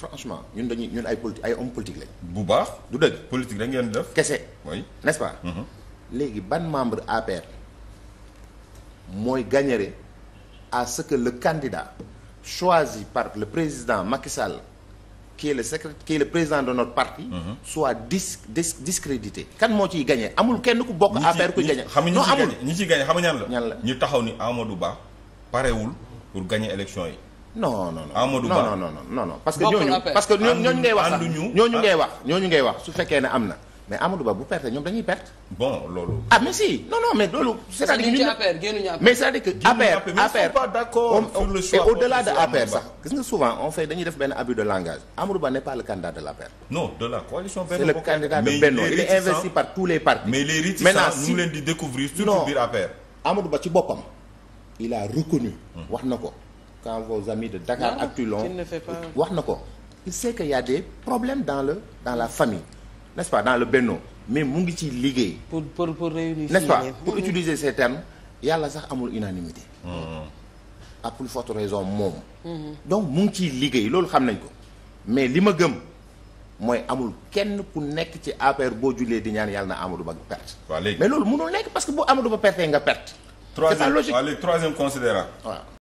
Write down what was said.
franchement ñun dañuy ñun ay politique ay homme politique lañ. bu baax du dëgg. politique rek ngeen def. kese oui nest mm-hmm. léegi ban membre APR mooy gagnerait à ce que le candidat choisi par le président Macky Sall qui est le secrétaire qui le président de notre parti. Mm-hmm. soit dis dis discrédité. kan moo ciy gagné amul kenn ku bokk. APR kuy gagné non amul ñi ciy gagné xam nga ñan la. ñan la ñu taxaw ni du Ba parewul pour gagner élection yi. non non non Amadou Ba non non non non parce que ñooñu parce que ñooñu ngay wax sax ñooñu ngay ah. wax ñooñu ngay wax su fekkee ne am na mais Amadou Ba bu perte ñoom dañuy perte. bon loolu. ah mais si non non mais loolu. c'est-à-dire ñu mais c'est-à-dire que. APR APR pas d'accord sur le choix et au-delà de APR sax. gis nga souvent on fait dañuy def benn abus de langage Amadou Ba n'est pas le candidat de l'APR. non de la coalition Benno c'est le candidat de Benno il est investi par tous les partis. mais les réticences ñu ngi leen di découvrir surtout biir APR. Amadou Ba ci boppam il a reconnu wax na ko. quand vos amis de Dakar Actu l'ont wax na ko il sait que y a dans le dans la famille n'est-ce pas dans le Benno mais mu ngi ci liggéey pour pour pour réunir n'est-ce pas pour utiliser ces termes yàlla sax amul unanimité mm-hmm. à plus forte raison moom mm-hmm. donc mu ngi ciy liggéey loolu xam nañ ko mais li ma gëm mooy amul kenn ku nekk ci APR boo jullee di ñaan yàlla na Amadou Ba perte mais loolu mënul nekk parce que bu Amadou Ba pertee nga perte c'est troisième considérant